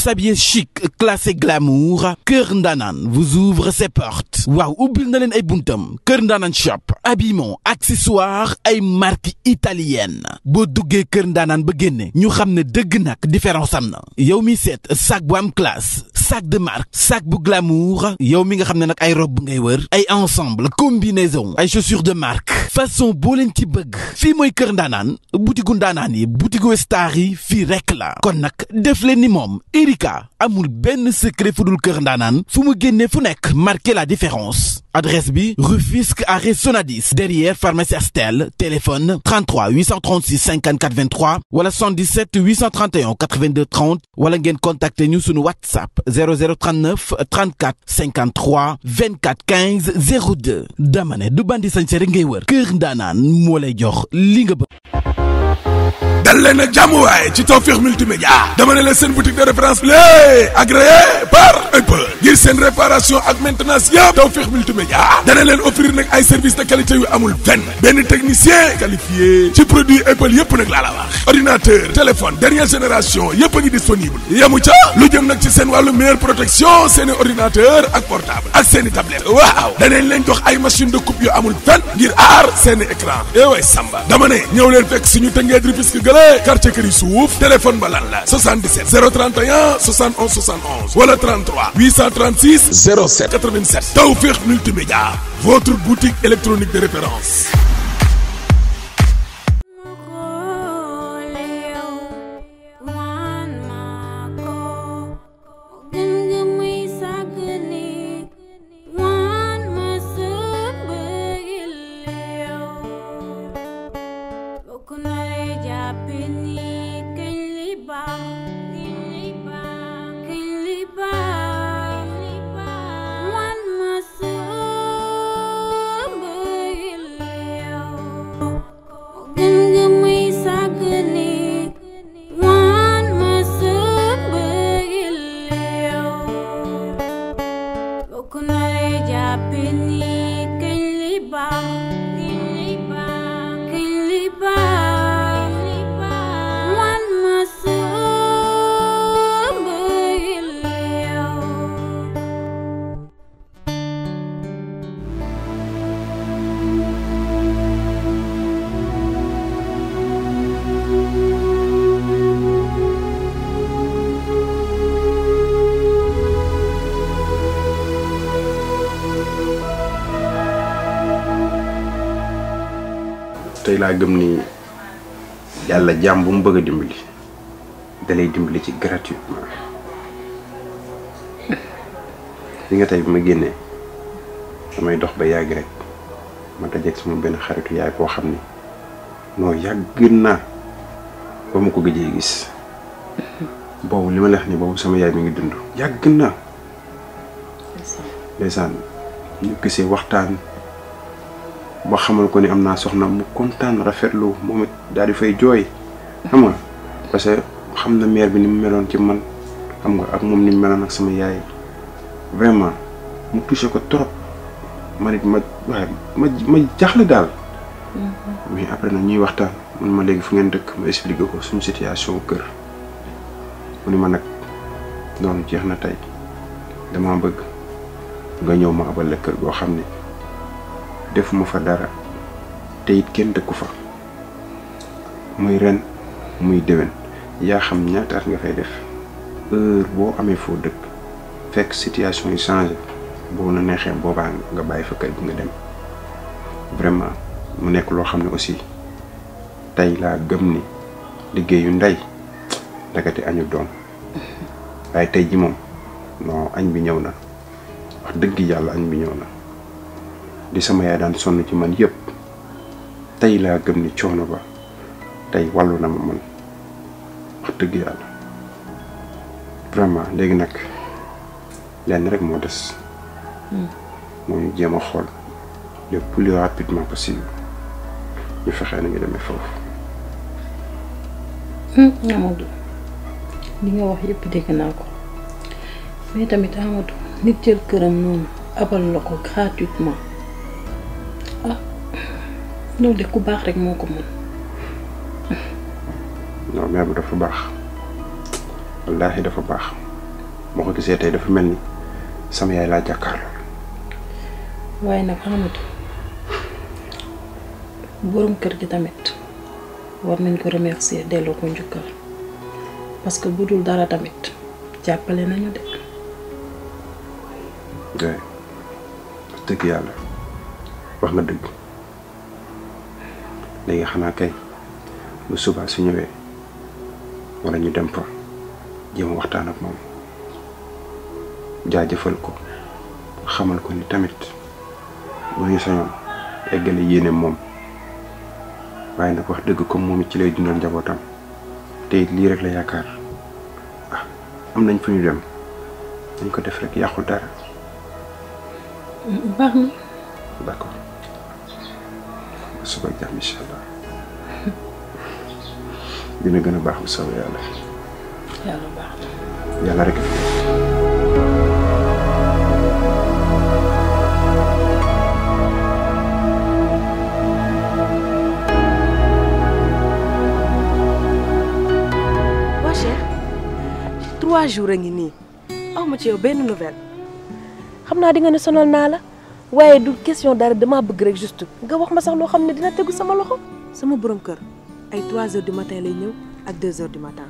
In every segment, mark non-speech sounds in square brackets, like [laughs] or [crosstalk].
s'habiller chic classé glamour KERN vous ouvre ses portes waaw ubbil na leen ay buntam shop habillement accessoires Et marques italiennes boo duggee KERN DANAN ba Nous ñu xam ne dëgg différence mi sac bu classe sac de marque sac bu glamour yow mi nga xam nak ay robe ngay ensemble combinaison ay chaussures de marque façon Bolentibug. Fimoy ci bëgg fii mooy kër ndanan star rek la kon def ni Erika amul ben secret fudul keur ndanan ndaanaan fu mu fu la différence adresse bi Rufisque arrêt Sonadis derrière pharmacie Astel téléphone 33 836 54 23 wala 117 831 82 30 wala ngeen contacter ñu WhatsApp 0039 34 53 24 15 02 Damane. du bandi kër ndaanaan moo jox li nga bëgg dal leen ak jàmm waaye ci Tawfekh multimédia dama ne la seen boutique de référence lé agréé par Apple ngir seen réparation ak maintenance yëpp multimédia dana leen offrir nag ay service de qualité yu amul fenn benn technicien qualifié ci produit Apple yëpp nag laa la wax ordinateur téléphone dernière génération yëpp a ngi disponible yemu ca lu jëm nag ci seen wàllu meilleure protection seeni ordinateur ak portable ak seeni tablette waaw danañ leen jox ay machine de coupe yu amul fenn ngir aar seeni quartier téléphone balan 77 031 71 71 voilà 33 836 07 87 Taoufir multimédia votre boutique électronique de référence laa gëm ni yàlla jàmm bu mu bëgg a dimbali dalay dimbali ci gratuitement li nga tey bi ma génnee damay dox ba yàgg rek ma dajeeg sama benn xaritu yaay boo xam ni noo yàgg naa ba ma ko gëjee gis boobu li ma leex ni boobu sama yaay mi ngi dund yàgg naa ndeysaan ñu gisee waxtaan ba xamal ko ni am naa soxna mu kontaan rafetlu moom it daal di fay jooy xam nga parce que xam na mère bi ni mu meloon ci man xam nga ak moom ni mu meloon ak sama yaay vraiment mu touché ko trop ma nit ma waaye daal. Mm-hmm. mais après nag ñuy waxtaan man ma léegi fu ngeen dëkk ma expliqué ko suñu situation kër mu ni ma nag noonu jeex na tey damaa bëgg nga ñëw ma abal la kër goo xam ne. defuma fa dara te it kenn dëkku fa muy ren muy déwén yaa xam ñaata at nga fay def heure boo amee foo dëkk fekk situation yu changé boo la neexee boobaa nga bàyyi fa kër gi nga dem vraiment mu nekk loo xam ne aussi tey laa gëm ni liggéeyu ndey ndagati añu doom [laughs] waaye tey ji moom non añ bi ñëw na wax dëgg yàlla añ bi ñëw na di sama ya dan sonu ci man yeb tay la gëm ni coono ba tay walu na man wax dëgg yàlla vraiment legui nak lenn rek mo dess mo hmm. ñu jema xol le plus rapidement possible ñu fexé fexee nañu demee foofu Amadou li nga wax yépp dégg naa ko mais tamit Amadou nit jël këram noonu abal la ko gratuitement loolu de ku baax rek moo ko mun. non mère bi dafa baax wallahi dafa baax moo ko gisee tey dafa mel ni sama yaay laa jàkkaarloo. waaye nag Amadou borom kër gi tamit war nañ ko remercier delloo ko njukkal parce que budul dara tamit jàppale nañu de. oui wax dëgg yàlla wax na dëgg. léegi xanaa kay bu subaa su ñëwee wala ñu dem fa jéem waxtaan ak moom jaajëfal ko xamal ko ni tamit bu ñu sañoon eggale yéene moom waaye nag wax dëgg comme moom ci lay dundal njabootam te it lii rek la yaakaar ah am nañ fu ñu dem dañ ko def rek yàqu dara. baax na suba ak jàmm incha allah dina gën a baax bu soobee yàlla. yàlla baax trois jours a ngi nii aw ma ci yow waye du question dara dama bëgg rek juste nga wax ma sax lo xamne dina tegu sama loxo. sama borom kër ay 3 h du matin lay ñëw ak 2 h du matin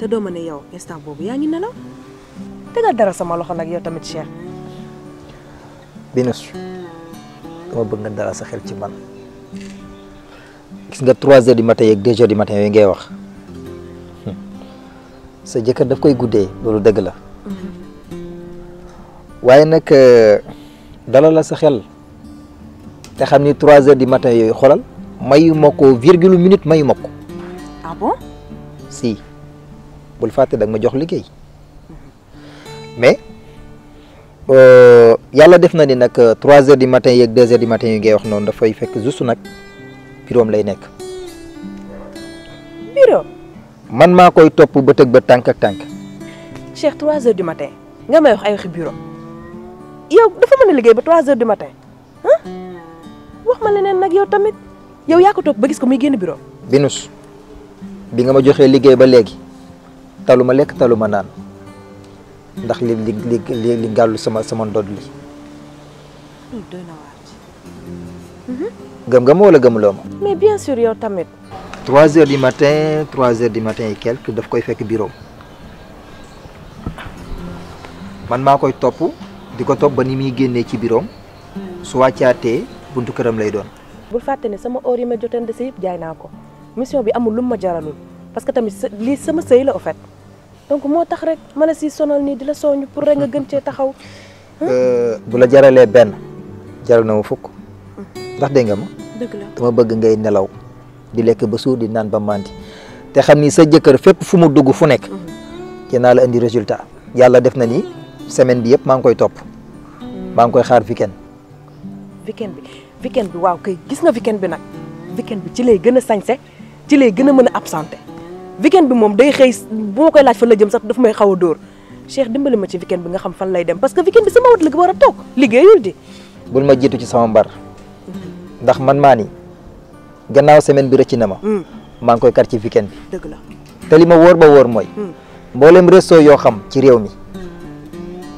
té do ma né yow instant bobu yaa ngi nelaw dara sama loxo nak yow tamit Cheikh. Binus dama bëgg nga dara sa xel ci man gis nga 3 h du matin ak 2 h du matin yooyu ngay wax hmm. sa jëkkeur daf koy guddé lolu dëgg la mm-hmm. waaye nag. Euh, dalal la sa xel te xam ni trois heures du matin yooyu xoolal mayu ma ko virgule minute mayu ko. Ah si bul fàtte da ma jox liggéey mais euh, yàlla def na ni nag euh, trois heures du matin yeeg deux heures du matin wax noonu dafay fekk juste nag bureau lay nekk. bureau. man maa koy topp ba tëg ba tànk ak tànk. Cheikh trois heures du matin nga may wax ay waxi bureau. yow dafa mëna liggéey ba 3 h du matin hein wax ma leneen nak yow tamit yow ya ko topp ba gis ko muy génn bureau. Binus bi nga ma joxé liggéey ba légui taluma lek taluma nan ndax li li li li galu sama sama ndod li mhm. gëm gam ma wala gam loma mais bien sûr yow tamit. 3 h du matin 3 h du matin et quelques daf koy fekk bureau man maa koy topp diko top ba ni muy ci birom su waccaté buntu këram lay doon. bu faté né sama or yi ma jotoon de si yëpp ko mission bi amul lu ma jaralul parce que tamit li sama sey la au fait donc mo tax rek mala la si sonal ni dila soñu pour rek nga gën ci taxaw. [laughs] Euh, bu la jaralé ben jaral na ma fuk ndax dé nga ma. deug la dama bëgg ngay nelaw di lek ba suur di nan ba manti té xamni sa jëkër fépp fu mu dugg fu nek ci mhm. na la andi résultat yalla def na ni. semaine bi yëpp maa ngi koy topp. Hmm. maa ngi koy xaar weekend. weekend bi weekend bi waaw kay gis nga weekend bi nag weekend bi ci lay gën a sañse ci lay gën a mën a absenté weekend bi moom day xëy bu ma koy laaj fan la jëm sax daf may xaw a dóor Cheikh dimbali ma ci weekend bi nga xam fan lay dem parce que weekend bi sama wët la war a toog liggéeyul di. bul ma jiitu ci sama mbar ndax man maa ni gannaaw semaine bi rëcc na ma. Hmm. maa ngi koy kar ci weekend bi. dëgg la te li ma wóor ba woor mooy. Hmm. mboolem resto yoo xam ci réew mi.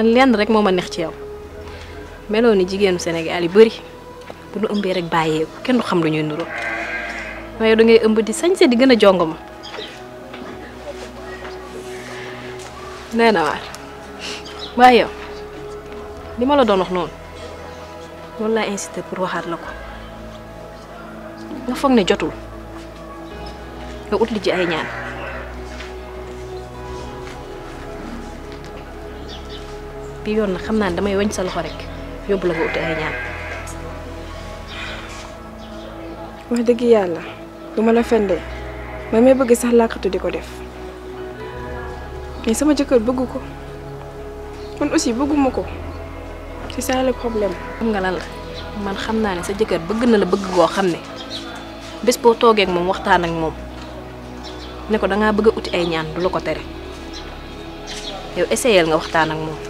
man lenn rek moma neex ci yow meloo ni jigéenu Sénégal yi beuri bu nu umbe rek ko kenn du xam lu ñuy nuro waye du ngay ëmb di di gëna jongoma ma waye na ma la doon wax non loolu la insister pour waxat lako nga fogné jotul nga ut li ci ay ñaan bi yoon na xam naa ni damay weñ sa loxo rek yóbbu la nga uti ay ñaan. wax dëgg yàlla du ma la fendee man may bëgg sax làqatu di ko def mais sama jëkkër bëgg ko man aussi bëgguma ko ci ça le problème. xam nga lan la man xam naa ne sa jëkkër bëgg na la bëgg goo xam ne bés boo toogee moom waxtaan ak moom ne ko dangaa bëgg a uti ay ñaan du la ko tere yow essayel nga waxtaan ak moom.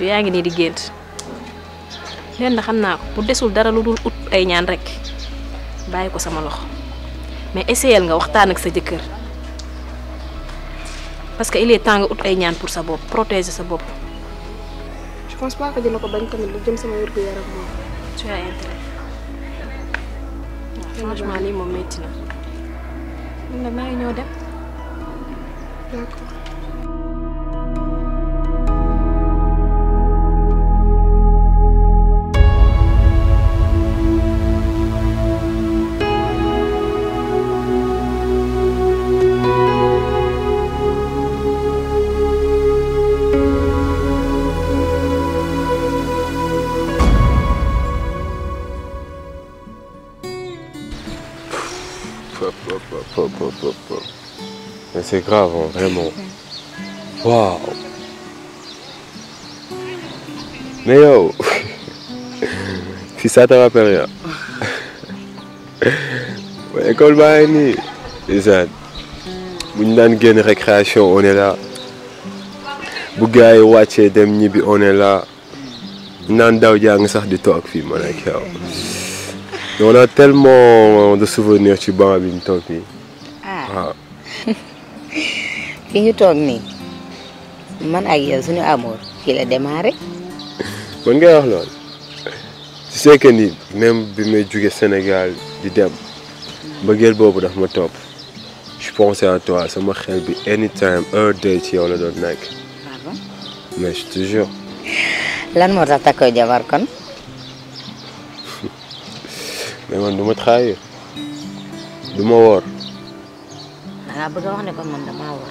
tu yaa ngi nii di gént lenn da xamna ko bu desul dara lu dul ut ay ñaan rek bayiko sama lox mais essayel nga waxtaan ak sa jëkkeur parce que il est temps nga ut ay ñaan pour sa bop protéger sa bop je pense pas que dina ko bañ tamit lu jëm sama gu yaram mo tu as intérêt. waaw franchement lii moom métti na. man de maa ngi ñëw dem. d'accord. c'est grave, hein, vraiment. Waouh. Mais yo, [laughs] si ça te rappelle rien. [laughs] Ouais, école les une Récréation, on est là. Nous Dem on est là. de On a tellement de souvenirs, tu à fi ngi toog nii man ak yow suñu amour fii la démarré. mën ngay wax loolu tu sais que ni même bi may jóge Sénégal di dem mbëggeel boobu daf ma topp je pensais à sama xel bi anytime heure day ci yow la doon nekk. mais je te lan moo tax takkoo jabar kon. [laughs] mais man du ma trahir du ma woor. wax ne ko man damaa woor.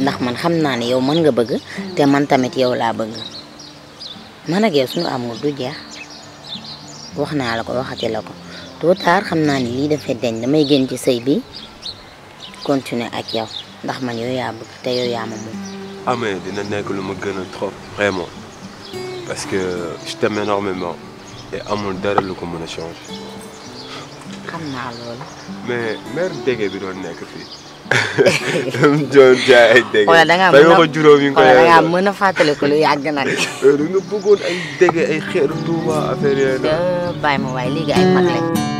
ndax man xam naa ne yow mën nga bëgg te man tamit yow laa bëgg man ak yow suñu amul du jeex wax naa la ko waxati la ko tôt tard xam naa ne lii dafay deñ damay génn ci sëy bi continuer ak yow ndax man yow yaa bëgg te yow yaa ma moom. amé dina nekk lu ma gën a trop vraiment parce que je t'aime énormément et amul dara lu ko mën a changer. xam naa loolu. mais mère Dege bi doon nekk fii. doon jaay ay dégg. xoolal da ngaa mën a juróom yi nga koy. xoolal da ngaa mën a fàttaliku lu yàgg ay dégg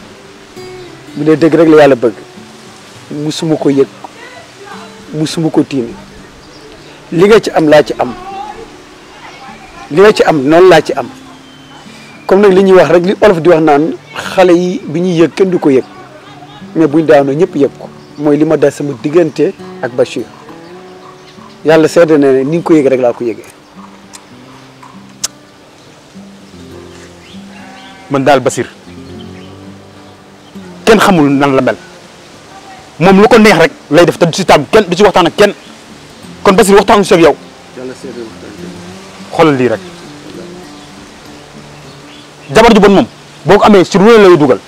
mu dee dëgg rek la yàlla bëgg musuma ko yëg musuma ko tiim li nga ci am laa ci am li nga ci am noonu laa ci am comme nag li ñuy wax rek li olof di wax naan xale yi bi ñuy yëg kenn du ko yëg mais buñ daanoo ñëpp yëg ko mooy li ma dal sama diggante ak Bachir yàlla seede ne ni nga ko yëg rek laa ko yëgee. man daal Bachir. Ken xamul nan la mel mom lu ko neex rek lay def te du si taam ken, du ci waxtan ak ken kon Basir waxtaanu ci ak yow xolal li rek jabar ju bon mom boko amé ci si lay duggal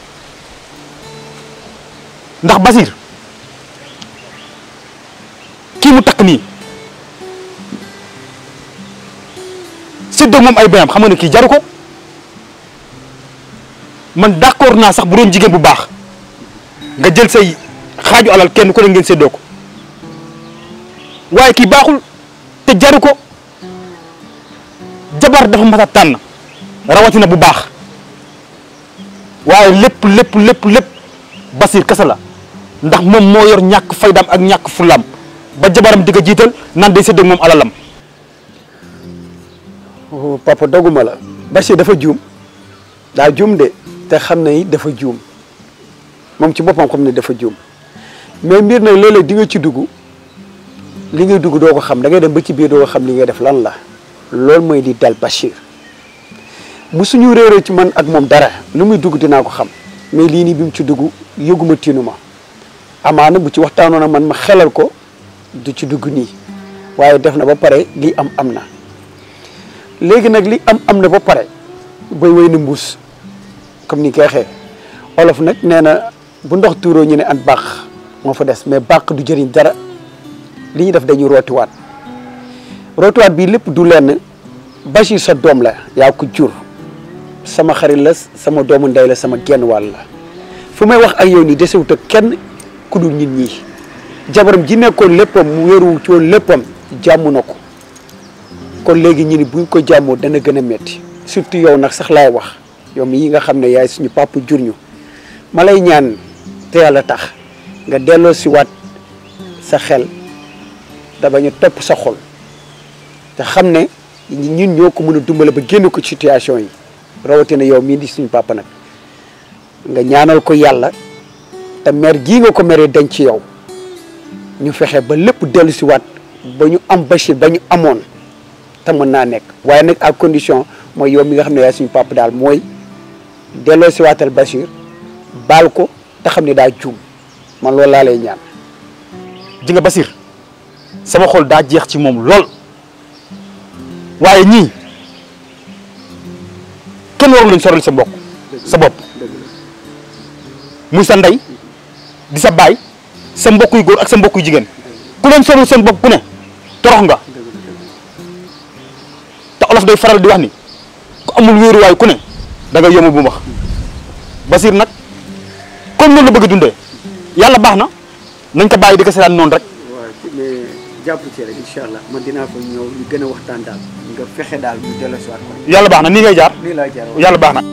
ndax Basir ki mu takk nii séddoo mom ay bayam xamone ki jaruko man d'accord na sax bu doon jigen bu bax nga jël say xaaju alal kenn ko ne ngeen séddoo ko waaye kii baaxul te jaru ko jabar dafa mat tànn rawatina bu baax waaye lépp lépp lépp lépp Basir kese la ndax moom moo yor ñàkk faydaam ak ñàkk fulaam ba jabaram di a jiital nan day séddoo moom alalam. Oh, papa doguma la Basir dafa juum daa juum de te xam ne dafa juum. moom ci boppam xam ne dafa juum mais mbir nag léeg-léeg di nga ci dugg li ngay dugg doo ko xam da ngay dem ba ci biir doo ko xam li ngay def lan la loolu mooy li dal Bachir bu suñu réeree ci man ak moom dara lu muy dugg dinaa ko xam mais lii nii bi ci dugg yëguma tiinuma amaana bu ci waxtaanoon ak man ma xelal ko du ci dugg nii waaye def na ba pare li am am na léegi nag li am am na ba pare bay wéy na mbuus comme ni koy waxee olof nag nee bu ndox tuuroo ñu ne an bax mo fa dess mais bax du jëriñ dara li ñu def dañu roti wat bi lepp du lenn sa dom la ya ko jur sama xarit la sama doomu nday la sama genn wal la fu may wax ak yow ni desewut ak kenn ku dul nit ñi jabaram ji nekkon leppam mu wëru ci won leppam jàmm nako ko kon léegi ñu ni buñ ko jàmmoo dana gëna metti surtout yow nak sax lay wax yow mi nga xamne yaay suñu papu jurñu malay ñaan te yàlla tax nga delloo si waat sa xel te bañ a topp sa xol te xam ne ñun ñoo ko mën a dumbale ba génn ko situation yi rawatina yow mii di suñu pàpp nag nga ñaanal ko yàlla te mer gii nga ko mer dañ ci yow ñu fexe ba lépp dellu si waat ba ñu am bachir ba ñu amoon te mën naa nekk waaye nag ak condition mooy yow mi nga xam ne yaay suñu pàpp daal mooy delloo si waatal bachir baal ko te xamni da djum man lol la lay ñaan di nga basir sama xol da jeex ci mom lol waye ñi kenn waru leen soral sa bokk sa bop musa nday di sa bay sa mbokuy yu ak sa mbokuy jigen ku leen soral bokk ku ne torox nga ta olof day faral di wax ni ko amul way ku ne da nga yëmu bu basir na comme noonu la bëgg a dundee yàlla baax na nañ ko bàyyi di ko seetaan noonu rek. waaw mais jàpp ci rek incha allah man dinaa fa ñëw gën a waxtaan daal nga fexe daal ñu dellusiwaat ko. yàlla baax na nii ngay jaar. nii laa jaar yàlla baax na.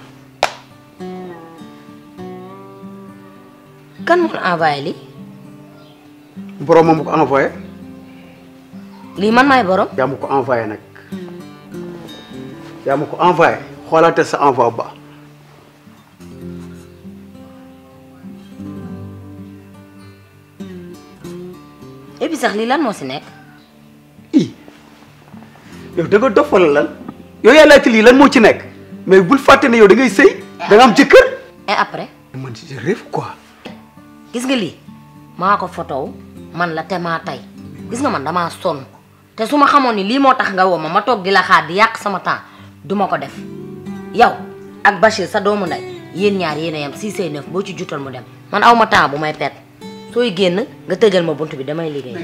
kan mo ko envoyé li borom mo ko envoyé. li man may borom. yaa ma ko envoyé nak yaa ma ko envoyé xoolaate sa envoi ba. e bi sax li lan ya mo ci nek i yow da nga dof lan yow ya lati li lan mo ci nek mais bul fàtte yow da ngay sey eh, da nga am et après. Eh, man je rêve quoi. gis nga lii maa ko fotow man la te maa tey gis nga man damaa sonn te su ma xamoon ni lii moo tax nga woo ma ma toog di la xaar di yàq sama temps duma ko def yow ak Bachir sa doomu nday yéen ñaar yéen a yam 6 et 9 boo ci jutal mu dem man aw ma temps bu may pet sooy génn nga tëjal ma bunt bi damay liggéey.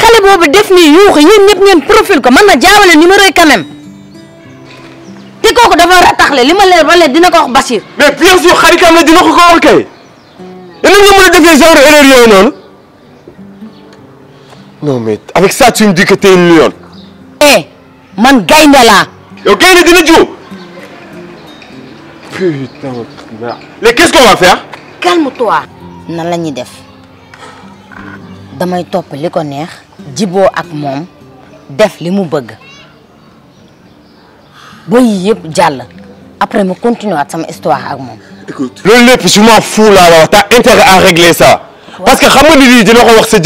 xale boobu def ni yuuxu yéen ñëpp ngeen profil ko man na jaawale numéro yi quand même te kooku dafa rataxle li ma leer ba dina ko wax Bachir. mais bien sûr xaritam la dina ko ko wax kay. ñu nga mën a genre erreur yoy non non mais avec ça tu me dis que t'es une lionne. eh man gaynde laa. yow gaynde dina jiw. putain merde. qu'est-ce qu'on va faire. calme-toi. nan la ñuy def damay top liko ko neex. Jibo ak mom def li mu bëgg boy yii yëpp après mu continuer waat sama histoire ak mom écoute Le lep, je m'en fous là. la t'as intérêt à régler ça. parce que xam nga ni ko wax sa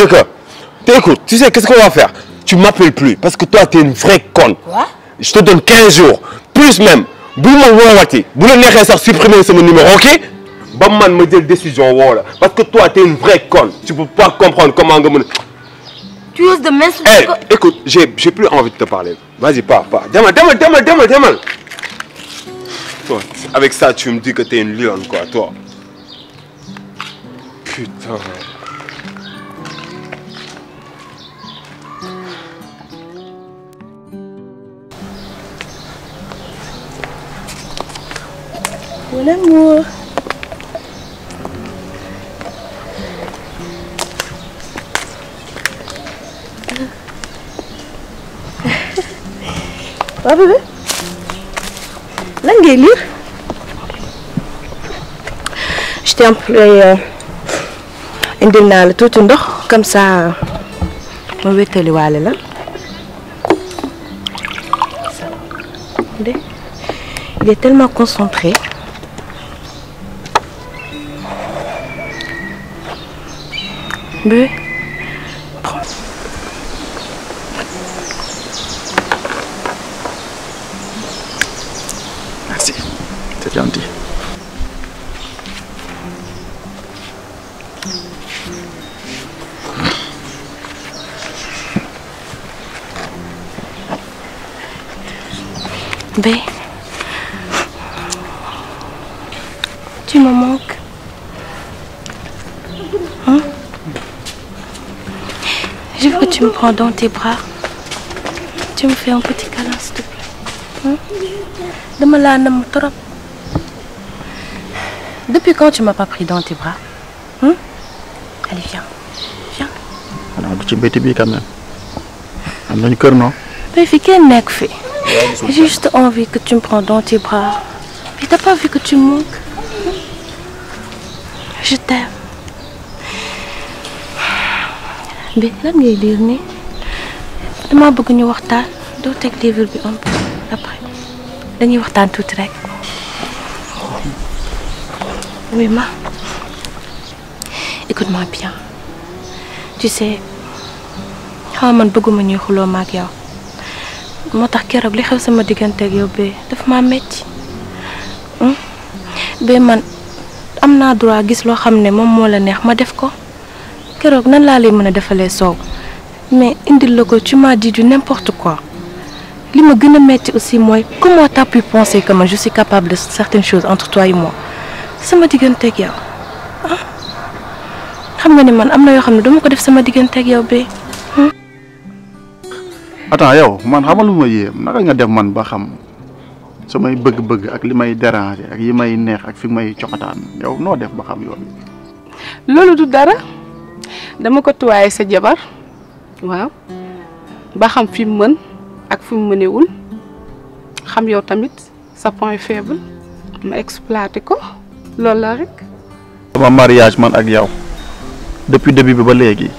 écoute tu sais qu'est-ce qu'on va faire tu m'appelles plus parce que toi t'es une vraie conne. Quoi je te donne 15 jours plus même bu ma woowaati bu la nexé sax supprimer sama numéro ok. ba man ma jël décision woo parce que toi t'es une vraie conne tu peux pas comprendre comment nga tu oses de m'insulter hey, eh, Écoute, j'ai plus envie de te parler. Vas-y, pars, pas. Demande, demande, demande, demande, demande. Toi, avec ça, tu me dis que t'es une lionne, quoi, toi. Putain. amour. waaw bébé lan lire je t'ai employé indil naa la tuuti ndox comme ça ma wéttaliwaale là il est tellement concentré bébé B. Tu me manques. Hein? Je veux que tu me prends dans tes bras. Tu me fais un petit câlin, s'il te plaît. Hein? Dama la nam trop. Depuis quand tu m'as pas pris dans tes bras hein? Allez, viens. Viens. Alors, tu bien quand même. Tu as une cœur, non Mais fais qu'elle fait. J'ai juste envie que tu me prends dans tes bras. Mais t'as pas vu que tu manques hein? Je t'aime. Mais lan ngay lire nii dama bëgg ñu waxtaan doo teg livre bi un peu après dañuy waxtaan tout rek oui ma écoute-moi bien tu sais xaw ah, man bëgguma ñuy xuloo ma ak yow moo tax li xew sama digganteeg yow bee daf ma metti hmm? bee man am naa droit gis loo xam ne moom moo la neex ma def ko keroog nan laa lay mën a defalee soow mais indil la ko tu m'as dit du n'importe quoi li ma gën a metti aussi mooy comment t'as pu penser que man je suis capable de certaines choses entre toi et moi sama digganteeg yow ah xam nga ne man am na yoo xam ne dama ko def sama digganteeg yow bee. attends yow man xamal lu ma yéem naka nga def man ba xam samay bëgg-bëgg ak li may déranger ak yi may neex ak fi may coxataan yow noo def ba xam yoon loolu du dara dama ko tuwaaye sa jabar waaw ba xam fi mu mën ak fi mu mënewul xam yow tamit sa point faible ma exploité ko loolu la rek. sama mariage man ak yow depuis debut bi ba léegi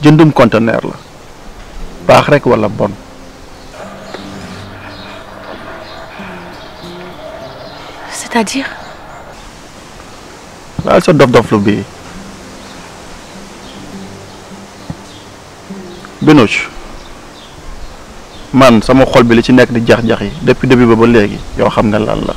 jëndum conteneur la. baax rek wala bon c'est-à-dire laal sa dof-doflu bii man sama xol bi li ci nekk di jax-jax yi depuis début ba ba léegi yoo xam ne lan la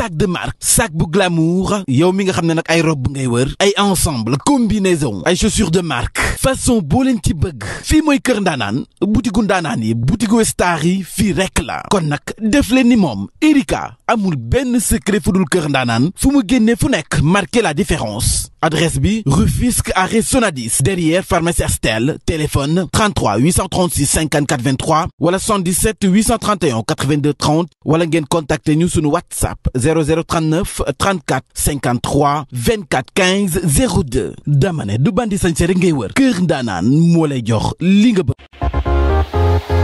sac de marque sac bouglamour, glamour yow mi nga ensemble combinaison ay chaussures de marque façon bo len ci bëgg Fi moy kër ndanan, boutique ndanan yi star kon def ni mom, Erika amul ben secret fu dul kër ndaanaan fu la différence adresse bi Rufisque à Ressonadis, derrière pharmacie Astel téléphone 33 836 54 23 wala 77 831 82 30 wala ngeen contacter ñu WhatsApp 0039 34 53 24 15 02 Damane du bandi sañ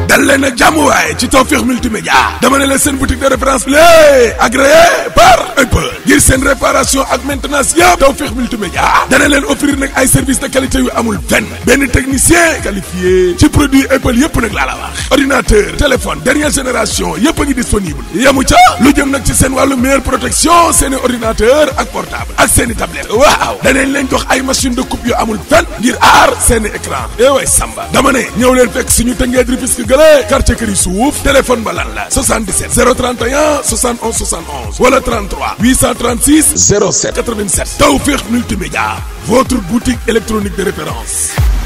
dal leen ak jàmm waaye ci Tawfekh multimédia dama ne leen seen boutique de référence bi lé agréé par Apple ngir seen réparation ak maintenance yëpp Tawfekh multimédia dana leen offrir nag ay service de qualité yu amul fenn benn technicien qualifié ci produit Apple yëpp nag laa la wax ordinateur téléphone dernière génération yëpp a ngi disponible yemu ca lu jëm nag ci seen wàllu meilleure protection seen i ordinateur ak portable ak seen i tablette waaw danañ leen jox ay machine de coupe yu amul fenn ngir seen Tëngéej Rufisque gële quartier këri suuf téléphone ba lan la 77 031 71 71 wala 33 836 07 87 Tawfekh multimédia votre boutique électronique de